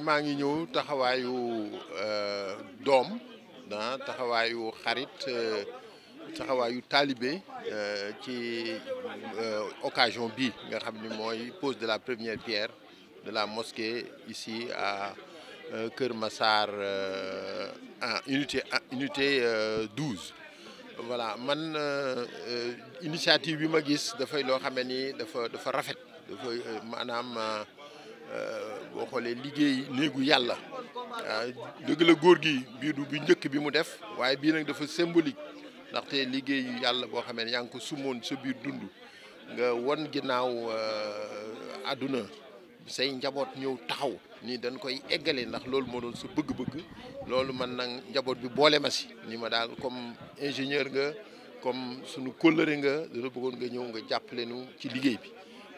mangi ñew taxawayu Dom, taxawaayu euh, doom ah taxawaayu xarit euh, Talibé taalibe euh, ci occasion bi nga xamni moy pose de la première pierre de la mosquée ici à Keur Massar unité unité 12. voilà man initiative bi ma gis fay lo xamee ni dafa dafa rafet dafa maanaam. Euh, boo xoolee liggéey néegu yàlla ah, dëgg la góor gi bii du bu njëkk bi mu def waaye bii nag dafa symbolique ndaxte liggéey yàlla boo xamee ne yaa ngi ko sumoon sa biir dund nga wan ginnaaw euh, àdduna say njaboot ñëw taxaw ni dañ koy eggale ndax loolu moo doon su bëgg-bëgg loolu man nag njaboot bi boole ma si ni ma daal comme ingénieur nga comme sunu kóllëre nga dana bëggoon nga ñëw nga jàppale nu ci liggéey bi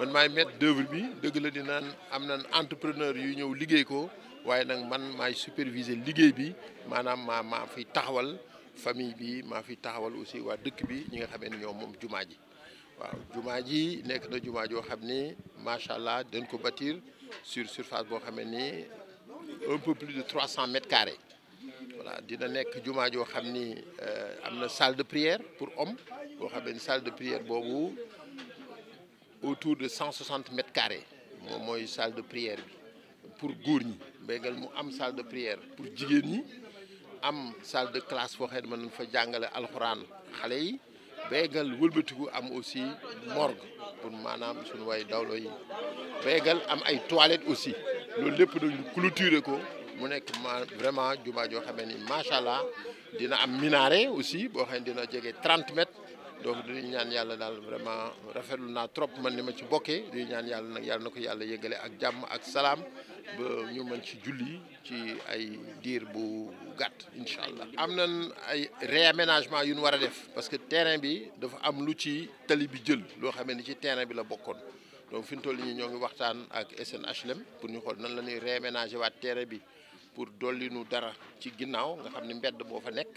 man may maître d'œuvre bi deug la am entrepreneur yu ñew liggéey ko waye nak man may superviser bi famille bi m'a taxawal aussi wa dëkk bi ñi nga xamé ñoom ji waaw na sur surface un peu plus de 300 mètres carrés voilà dina euh, salle de prière pour hommes bo salle de prière bobu autour de 160 mètres carrés Moi, une salle de prière pour Gourni. ñi mbéygal am salle de prière pour Djigeni. am salle de classe pour xam ne fa jangalé alcorane xalé yi béygal am aussi morgue pour manam suñu way dawlo yi béygal am ay toilettes aussi Le lépp de clôturer ko mu nek vraiment du jo xamé ni machallah dina am minaret aussi bo xam dina 30 mètres donc dañuy ñaan yàlla daal vraiment rafetlu naa trop man ni ma ci bokkee dañuy ñaan yàlla nag yàlla na ko yàlla yëgale ak jàmm ak salaam ba ñu mën ci julli ci ay diir bu gàtt incha allah. am na ay réaménagement yu nu war a def parce que terrain bi dafa am lu ci tali bi jël loo xamee ni ci terrain bi la bokkoon donc fi ñu toll nii ñoo ngi waxtaan ak SNHLM pour ñu xool nan la ñuy réaménager waat terrain bi pour dolli nu dara ci ginnaaw nga xam ni mbedd boo fa nekk.